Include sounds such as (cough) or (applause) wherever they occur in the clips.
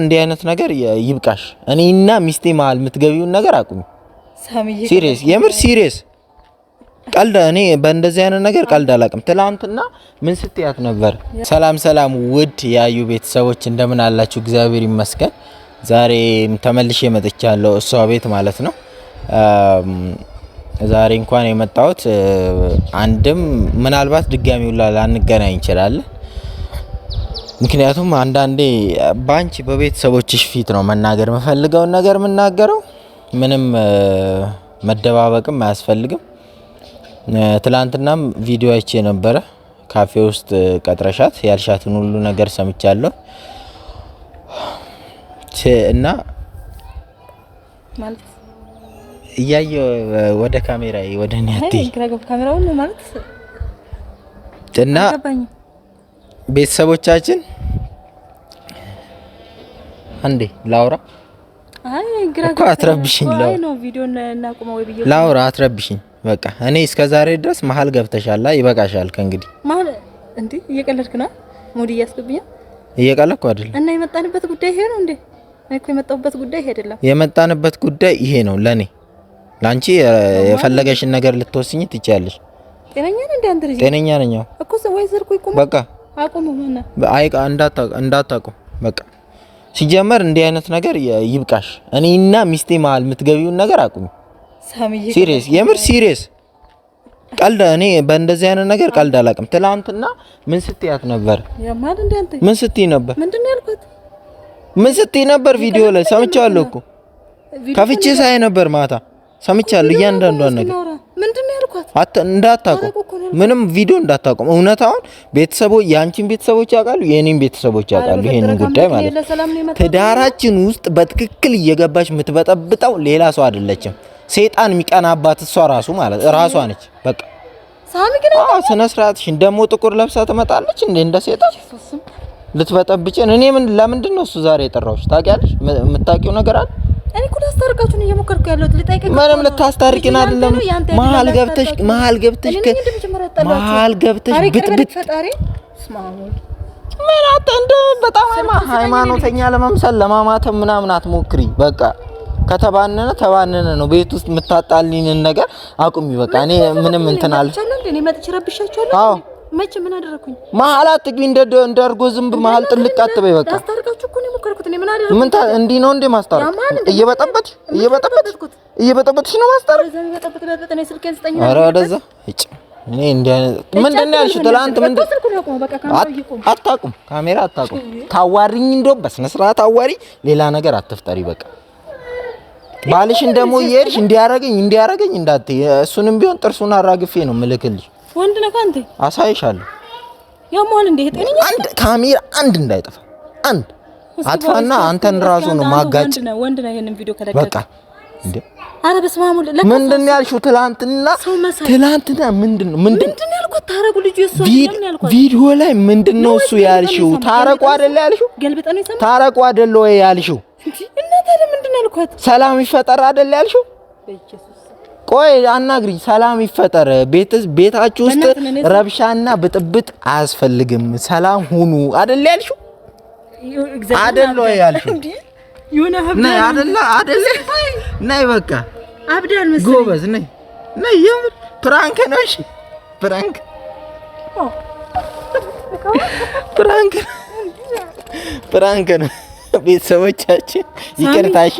እንዲህ አይነት ነገር ይብቃሽ። እኔና ሚስቴ መሀል የምትገቢውን ነገር አቁሚ። ሲሪየስ፣ የምር ሲሪየስ። ቀልድ እኔ በእንደዚህ አይነት ነገር ቀልድ አላውቅም። ትላንትና ምን ስትያት ነበር? ሰላም ሰላም፣ ውድ ያዩ ቤተሰቦች እንደምን አላችሁ? እግዚአብሔር ይመስገን ዛሬ ተመልሼ መጥቻለሁ፣ እሷ ቤት ማለት ነው። ዛሬ እንኳን የመጣሁት አንድም ምናልባት ድጋሚ ውላ ላንገናኝ እንችላለን ምክንያቱም አንዳንዴ በአንቺ በቤተሰቦችሽ ፊት ነው መናገር የምፈልገውን ነገር የምናገረው። ምንም መደባበቅም አያስፈልግም። ትላንትናም ቪዲዮ አይቼ ነበረ። ካፌ ውስጥ ቀጥረሻት ያልሻትን ሁሉ ነገር ሰምቻለሁ እና እያየ ወደ ካሜራ ወደ ኒያቲ እና ቤተሰቦቻችን አንዴ ላውራ። አይ ግራ እኮ አትረብሽኝ። ላውራ አትረብሽኝ። በቃ እኔ እስከ ዛሬ ድረስ መሀል ገብተሻላ፣ ይበቃሻል። ከእንግዲህ ማለ እንዴ እየቀለድክ ነው? ሙድ እያስገብኛል። እየቀለድኩ አይደለም። እና የመጣንበት ጉዳይ ይሄ ነው እንዴ? እኔ እኮ የመጣሁበት ጉዳይ ይሄ አይደለም። የመጣንበት ጉዳይ ይሄ ነው። ለኔ ላንቺ የፈለገሽን ነገር ልትወስኝ ትችያለሽ። ጤነኛ ነኝ እንዴ? አንተ ልጅ ጤነኛ ነኝ እኮ ሰው ወይ ዘርኩ ይቆም። በቃ አቁሙ። ማና አይ እንዳታቁም። በቃ ሲጀመር እንዲህ አይነት ነገር ይብቃሽ። እኔና ሚስቴ መሀል የምትገቢውን ነገር አቁሚ። ሲሪየስ፣ የምር ሲሪየስ። ቀልድ እኔ በእንደዚህ አይነት ነገር ቀልድ አላውቅም። ትላንትና ምን ስትያት ነበር? ምን ስትይ ነበር? ምን ስትይ ነበር? ቪዲዮ ላይ ሰምቻለሁ እኮ ከፍቼ ሳይ ነበር ማታ ሰምቻለሁ እያንዳንዷን ነገር እንዳታቆም ምንም ቪዲዮ እንዳታቁም። እውነት አሁን ቤተሰቦ የአንቺን ቤተሰቦች ያውቃሉ፣ የእኔን ቤተሰቦች ያውቃሉ። ይሄንን ጉዳይ ማለት ትዳራችን ውስጥ በትክክል እየገባች የምትበጠብጠው ሌላ ሰው አይደለችም። ሴጣን የሚቀናባት እሷ ራሱ ማለት ራሷ ነች። በቃ ስነ ስርዓትሽን ደግሞ ጥቁር ለብሳ ትመጣለች እንዴ እንደ ሴጣን ልትበጠብጭን። እኔ ለምንድን ነው እሱ ዛሬ የጠራሁሽ? ታውቂያለሽ፣ የምታውቂው ነገር አለ እኔ እኮ ላስታርቃችሁን እየሞከርኩ ያለሁት ልጠይቅ። ልታስታርቂን አይደለም። መሀል ገብተሽ መሀል ገብተሽ መሀል ገብተሽ ብጥብጥ ፈጣሪ ምን አታ እንደ በጣም ሃይማኖተኛ ለመምሰል ለማማተም ምናምን አትሞክሪ። በቃ ከተባነነ ተባነነ ነው። ቤት ውስጥ የምታጣልኝን ነገር አቁሚ። በቃ እኔ ምንም እንትን አለ አዎ መቼ ምን አደረኩኝ? መሀል አትግቢ፣ እንደ እንደ አድርጎ ዝም መሀል ጥልቅ አትበይ። በቃ ምን እንዲህ ነው እንዴ? ማስታረቅ እየበጠበት እየበጠበት እየበጠበትሽ ነው ማስታረቅ። ኧረ ወደዛ እጭ እኔ ምንድን ነው ያልሽው? ትናንት ምንድን አታውቁም፣ ካሜራ አታውቁም። ታዋሪኝ እንደው በስነ ስርዓት አዋሪ፣ ሌላ ነገር አትፍጠሪ። በቃ ባልሽን ደግሞ እየሄድሽ እንዲያረገኝ እንዲያረገኝ እንዳትዪ። እሱንም ቢሆን ጥርሱን አራግፌ ነው የምልክልሽ። ወንድ ነህ አንተ፣ አሳይሻለሁ። ያማል እንደ ጤነኛ አንድ ካሜራ አንድ እንዳይጠፋ አንድ አጥፋና አንተን ራሱ ነው ማጋጭ። ወንድ ነው ይሄንን ቪዲዮ ከለቀቀ በቃ እንዴ! አረ በስመ አብ! ምንድን ነው ያልሽው? ትላንትና ትላንትና ምንድን ነው ምንድን ነው ያልኩት? ታረቁ ልጅ እሱ ቪዲዮ ላይ ምንድን ነው እሱ ያልሽው? ታረቁ አይደለ ያልሽው? ታረቁ አይደለ ወይ ያልሽው? ሰላም ይፈጠር አይደለ ያልሽው? ቆይ አናግሪኝ። ሰላም ይፈጠር፣ ቤታችሁ ውስጥ ረብሻና ብጥብጥ አያስፈልግም፣ ሰላም ሁኑ አይደለ ያልሽው? አደለ ያልሽ ነይ አደለ አደለ ነይ በቃ አብዳል መሰለኝ። ጎበዝ ነይ ነይ። የምር ፕራንክ ነው። እሺ ፕራንክ ፕራንክ ፕራንክ ነው። ቤተሰቦቻችን ይቅርታሽ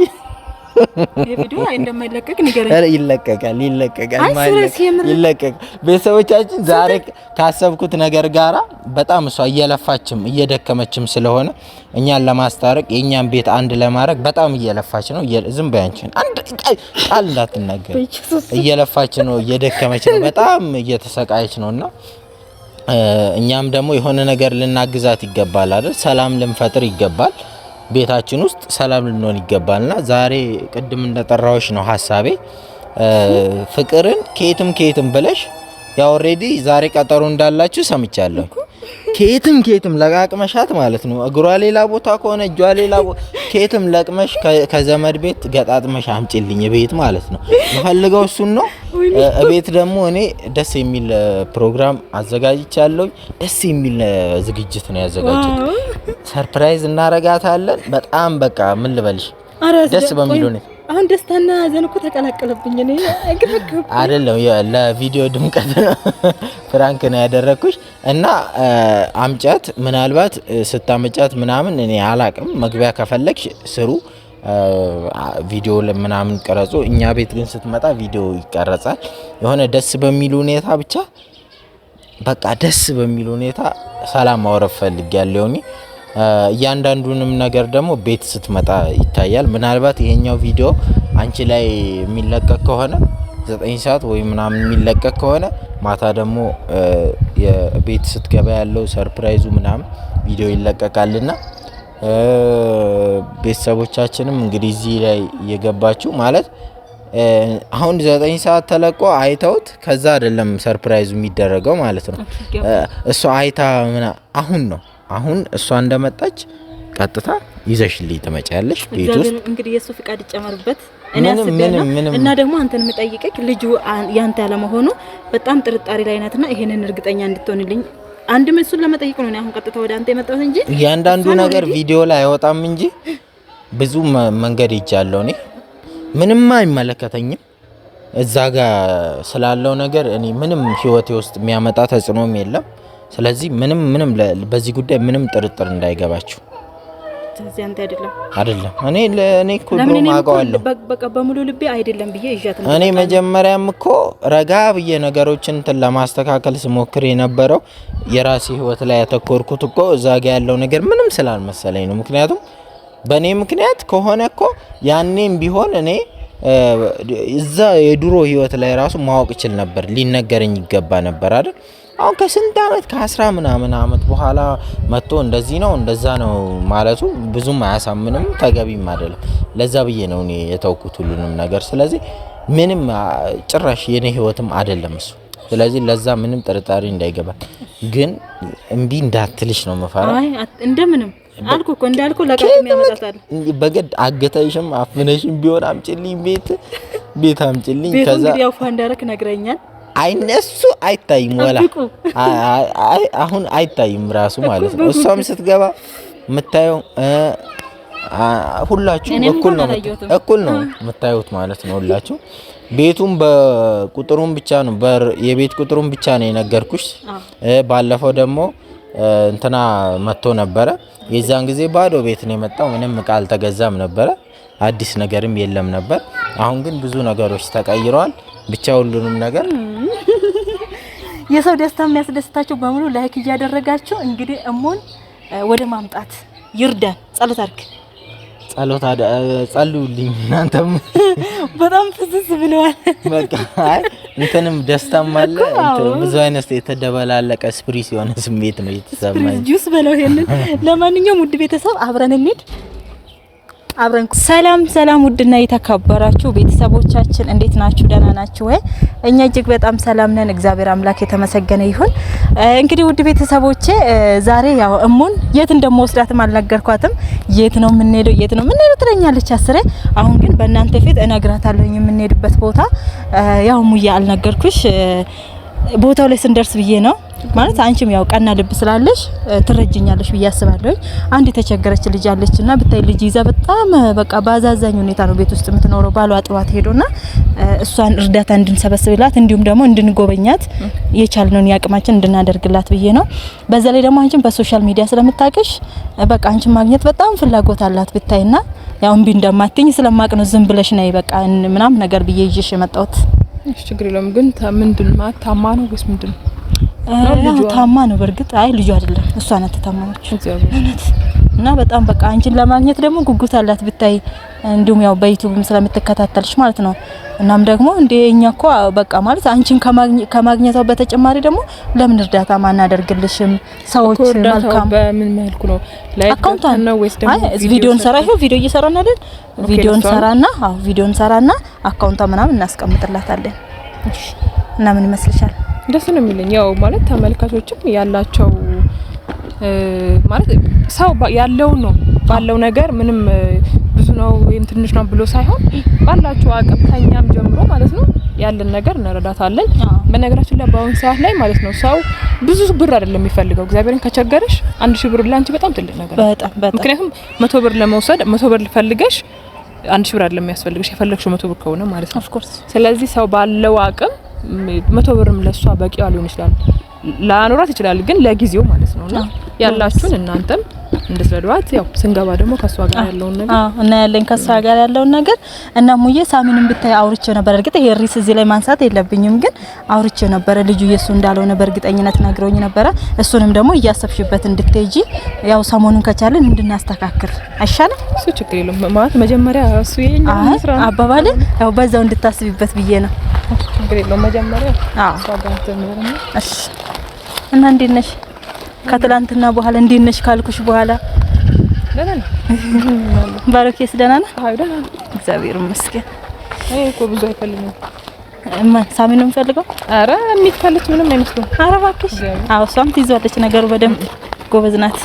ይለቀቃል ይለቀቃል። ቤተሰቦቻችን ዛሬ ካሰብኩት ነገር ጋራ በጣም እሷ እየለፋችም እየደከመችም ስለሆነ እኛን ለማስታረቅ የእኛን ቤት አንድ ለማድረግ በጣም እየለፋች ነው። ዝም በያንችን አንድ ቃል እንዳትናገር እየለፋች ነው፣ እየደከመች ነው፣ በጣም እየተሰቃየች ነው እና እኛም ደግሞ የሆነ ነገር ልናግዛት ይገባል አይደል? ሰላም ልንፈጥር ይገባል። ቤታችን ውስጥ ሰላም ልንሆን ይገባልና ዛሬ ቅድም እንደጠራዎች ነው ሀሳቤ ፍቅርን ከየትም ከየትም ብለሽ ያው ኦልሬዲ ዛሬ ቀጠሮ እንዳላችሁ ሰምቻለሁ። ከየትም ከየትም ለቃቅመሻት ማለት ነው። እግሯ ሌላ ቦታ ከሆነ እጇ ሌላ ቦታ ከየትም ለቅመሽ ከዘመድ ቤት ገጣጥመሽ አምጪልኝ ቤት ማለት ነው። የምፈልገው እሱን ነው። ቤት ደግሞ እኔ ደስ የሚል ፕሮግራም አዘጋጅቻለሁ። ደስ የሚል ዝግጅት ነው ያዘጋጀሁት። ሰርፕራይዝ እናረጋታለን። በጣም በቃ ምን ልበልሽ ደስ በሚል ሁኔታ አሁን ደስታና ሀዘን እኮ ተቀላቀለብኝ። እኔ አይደለም ለቪዲዮ ድምቀት ፍራንክ (laughs) ነው ያደረግኩሽ። እና አምጫት ምናልባት ስታመጫት ምናምን እኔ አላቅም። መግቢያ ከፈለግሽ ስሩ ቪዲዮ ምናምን ቀረጹ። እኛ ቤት ግን ስትመጣ ቪዲዮ ይቀረጻል። የሆነ ደስ በሚል ሁኔታ ብቻ በቃ ደስ በሚል ሁኔታ ሰላም ማውረድ ፈልግ እያንዳንዱንም ነገር ደግሞ ቤት ስትመጣ ይታያል። ምናልባት ይሄኛው ቪዲዮ አንቺ ላይ የሚለቀቅ ከሆነ ዘጠኝ ሰዓት ወይ ምናምን የሚለቀቅ ከሆነ ማታ ደግሞ ቤት ስትገባ ያለው ሰርፕራይዙ ምናምን ቪዲዮ ይለቀቃልና ቤተሰቦቻችንም እንግዲህ እዚህ ላይ እየገባችሁ ማለት አሁን ዘጠኝ ሰዓት ተለቆ አይተውት ከዛ አይደለም ሰርፕራይዙ የሚደረገው ማለት ነው። እሱ አይታ ምና አሁን ነው አሁን እሷ እንደመጣች ቀጥታ ይዘሽልኝ ትመጪያለሽ። ቤት ውስጥ እንግዲህ የእሱ ፍቃድ ይጨመርበት። እኔ እና ደግሞ አንተን የምጠይቀኝ ልጁ ያንተ ያለመሆኑ በጣም ጥርጣሬ ላይ ናትና ይሄንን እርግጠኛ እንድትሆንልኝ አንድ እሱን ለመጠየቅ ነው። አሁን ቀጥታ ወደ አንተ የመጣሁት እንጂ እያንዳንዱ ነገር ቪዲዮ ላይ አይወጣም እንጂ ብዙ መንገድ ይጃለው እኔ ምንም አይመለከተኝም። እዛ ጋር ስላለው ነገር እኔ ምንም ህይወቴ ውስጥ የሚያመጣ ተጽዕኖም የለም። ስለዚህ ምንም ምንም በዚህ ጉዳይ ምንም ጥርጥር እንዳይገባችሁ። አይደለም እኔ ለእኔ እኮ ማውቀዋለሁ በቃ በሙሉ ልቤ አይደለም ብዬ እዣት እኔ መጀመሪያም እኮ ረጋ ብዬ ነገሮችን እንትን ለማስተካከል ስሞክር የነበረው የራሴ ህይወት ላይ ያተኮርኩት እኮ እዛ ጋ ያለው ነገር ምንም ስላልመሰለኝ ነው። ምክንያቱም በእኔ ምክንያት ከሆነ እኮ ያኔም ቢሆን እኔ እዛ የድሮ ህይወት ላይ ራሱ ማወቅ ችል ነበር፣ ሊነገረኝ ይገባ ነበር አይደል አሁን ከስንት አመት ከአስራ ምናምን አመት በኋላ መጥቶ እንደዚህ ነው እንደዛ ነው ማለቱ ብዙም አያሳምንም፣ ተገቢም አይደለም። ለዛ ብዬ ነው እኔ የተውኩት ሁሉንም ነገር። ስለዚህ ምንም ጭራሽ የኔ ህይወትም አይደለም እሱ። ስለዚህ ለዛ ምንም ጥርጣሬ እንዳይገባ ግን እምቢ እንዳትልሽ ነው መፋራ እንደምንም አልኩ እኮ እንዳልኩ ለቀቅም ያመጣታል። በግድ አገተሽም አፍነሽም ቢሆን አምጪልኝ ቤት ቤት አምጪልኝ። ከዛ ቤቱ ያው ፋንዳረክ ነግረኛል አይነሱ አይታይም ወላ አሁን አይታይም ራሱ ማለት ነው። እሷም ስትገባ የምታየው ሁላችሁ እኩል ነው እኩል ነው የምታዩት ማለት ነው። ሁላችሁ ቤቱም በቁጥሩም ብቻ ነው የቤት ቁጥሩም ብቻ ነው የነገርኩሽ። ባለፈው ደግሞ እንትና መጥቶ ነበረ። የዛን ጊዜ ባዶ ቤት ነው የመጣው። ምንም እቃ አልተገዛም ነበረ። አዲስ ነገርም የለም ነበር። አሁን ግን ብዙ ነገሮች ተቀይረዋል። ብቻ ሁሉንም ነገር (laughs) የሰው ደስታ የሚያስደስታቸው በሙሉ ላይክ እያደረጋቸው እንግዲህ እሙን ወደ ማምጣት ይርዳን። ጸሎት አድርግ። ጸሎት ጸልዩልኝ። እናንተም (laughs) በጣም ትዝስ ብለዋል። (laughs) በቃ አይ እንትንም ደስታም አለ ብዙ አይነት የተደበላለቀ ስፕሪስ የሆነ ስሜት ነው የተሰማኝ። ጁስ በለው ይሄንን። ለማንኛውም ውድ ቤተሰብ አብረን እንሂድ አብረን ሰላም ሰላም፣ ውድና የተከበራችሁ ቤተሰቦቻችን እንዴት ናችሁ? ደህና ናችሁ ወይ? እኛ እጅግ በጣም ሰላም ነን። እግዚአብሔር አምላክ የተመሰገነ ይሁን። እንግዲህ ውድ ቤተሰቦቼ ዛሬ ያው እሙን የት እንደምወስዳትም አልነገርኳትም። የት ነው የምንሄደው? የት ነው የምንሄደው ትለኛለች አስሬ። አሁን ግን በእናንተ ፊት እነግራታለሁ የምንሄድበት ቦታ። ያው ሙያ አልነገርኩሽ ቦታው ላይ ስንደርስ ብዬ ነው ማለት አንቺም ያው ቀና ልብ ስላለሽ ትረጅኛለሽ ብዬ አስባለሁ። አንድ የተቸገረች ልጅ አለችና ብታይ ልጅ ይዛ በጣም በቃ በአዛዛኝ ሁኔታ ነው ቤት ውስጥ የምትኖረው። ባሏ ጥዋት ሄዶና እሷን እርዳታ እንድንሰበስብላት እንዲሁም ደግሞ እንድንጎበኛት የቻልነውን ያቅማችን እንድናደርግላት ብዬ ነው። በዛ ላይ ደግሞ አንቺም በሶሻል ሚዲያ ስለምታውቅሽ በቃ አንቺን ማግኘት በጣም ፍላጎት አላት ብታይና ያው እምቢ እንደማትኝ ስለማቅ ነው ዝም ብለሽ ነይ በቃ ምናምን ነገር ብዬ ይዤሽ የመጣሁት። እሺ ችግር የለውም። ግን ምንድን ታማ ነው ወይስ ምንድን ነው? ታማ ነው በእርግጥ አይ ልጁ አይደለም እሷ ናት ታማች እና በጣም በቃ አንቺን ለማግኘት ደግሞ ጉጉት አላት ብታይ እንዲሁም ያው በዩቲዩብም ስለምትከታተልሽ ማለት ነው። እናም ደግሞ እንደ እኛ እኮ በቃ ማለት አንቺን ከማግኘታው በተጨማሪ ደግሞ ለምን እርዳታ ማናደርግልሽም? ሰዎች መልካም በምን መልኩ ነው አካውንት ነው ወይስ ደግሞ ቪዲዮን ሰራ ይሄ ቪዲዮ እየሰራን አይደል? ቪዲዮን ሰራና አዎ ቪዲዮን ሰራና አካውንቷ ምናምን እናስቀምጥላታለን። እና ምን ይመስልሻል? ደስ ነው የሚለኝ ያው ማለት ተመልካቾችም ያላቸው ማለት ሰው ያለው ነው ባለው ነገር ምንም ወይም ትንሽ ነው ብሎ ሳይሆን ባላችሁ አቅም ከኛም ጀምሮ ማለት ነው ያለን ነገር እንረዳታለን። በነገራችን ላይ በአሁን ሰዓት ላይ ማለት ነው ሰው ብዙ ብር አይደለም የሚፈልገው። እግዚአብሔርን ከቸገረሽ አንድ ሺህ ብር ላንቺ በጣም ትልቅ ነገር፣ በጣም በጣም ምክንያቱም መቶ ብር ለመውሰድ መቶ ብር ፈልገሽ አንድ ሺህ ብር አይደለም የሚያስፈልገሽ የፈለግሽው መቶ ብር ከሆነ ማለት ነው። ስለዚህ ሰው ባለው አቅም መቶ ብርም ለሷ በቂዋ ሊሆን ይችላል ላኖራት ይችላል፣ ግን ለጊዜው ማለት ነውና ያላችሁን እናንተም እንድትረዷት ያው ስንገባ ደግሞ ከሷ ጋር ያለውን ነገር እና ያለን ከሷ ጋር ያለውን ነገር እና ሙዬ ሳሚንም ብታይ አውርቼ ነበር። እርግጥ ይሄ ሪስ እዚህ ላይ ማንሳት የለብኝም ግን አውርቼ ነበረ። ልጁ የሱ እንዳልሆነ በእርግጠኝነት ነግሮኝ ነበረ። እሱንም ደግሞ እያሰብሽበት እንድትሄጂ ያው ሰሞኑን ከቻለን እንድናስተካክል አይሻልም? እሱ ችግር የለም ማለት መጀመሪያ እሱ የኛ ስራ አባባል ያው በዛው እንድታስቢበት ብዬ ነው። ችግር የለውም መጀመሪያ እሷ ጋር ተመረመ። እሺ እና እንዴት ነሽ? ከትላንትና በኋላ እንዴት ነሽ ካልኩሽ በኋላ ባሮኬስ ደህና ነህ? አይ ደህና ነኝ፣ እግዚአብሔር ይመስገን። እኔ እኮ ብዙ አይፈልግም። እማ ሳሚ ነው የሚፈልገው? አረ የሚታለች ምንም አይመስልም። አረ እባክሽ። አዎ እሷም ትይዟለች ነገሩ በደንብ ጎበዝ ናት።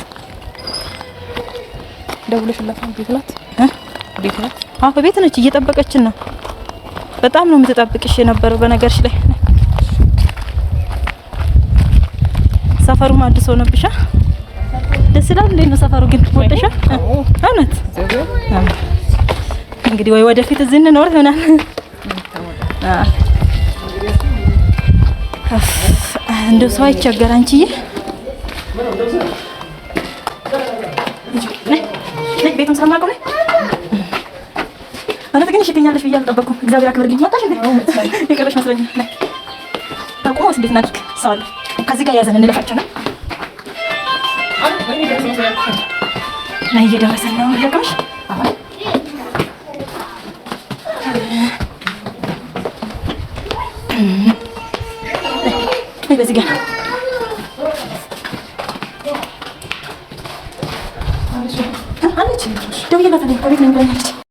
ደውለሽላት ነው? ቤት ናት እ ቤት ናት። አዎ ቤት ነች፣ እየጠበቀችን ነው። በጣም ነው የምትጠብቅሽ የነበረው በነገርሽ ላይ ሰፈሩም አዲስ ሆነብሻ። ደስ ይላል። እንዴት ነው ሰፈሩ ግን ወደሻ? እውነት እንግዲህ ወይ ወደፊት እዚህ እንኖር ይሆናል። እንደው ሰው አይቸገር አንቺዬ ቤቱን ስለማውቀው አልጠበኩም። እግዚአብሔር አክብርልኝ። መጣሽ እንዴ? የቀረሽ መስሎኛል። ታቆስ እንዴት ናችሁ? ሰው አለ ከዚህ ጋር ያዘን እንለፋቸው ነው። ናይ እየደረሰን ነው ልቀሽ በዚህ ጋር ደውዬላት ቤት ነው ብላኛለች።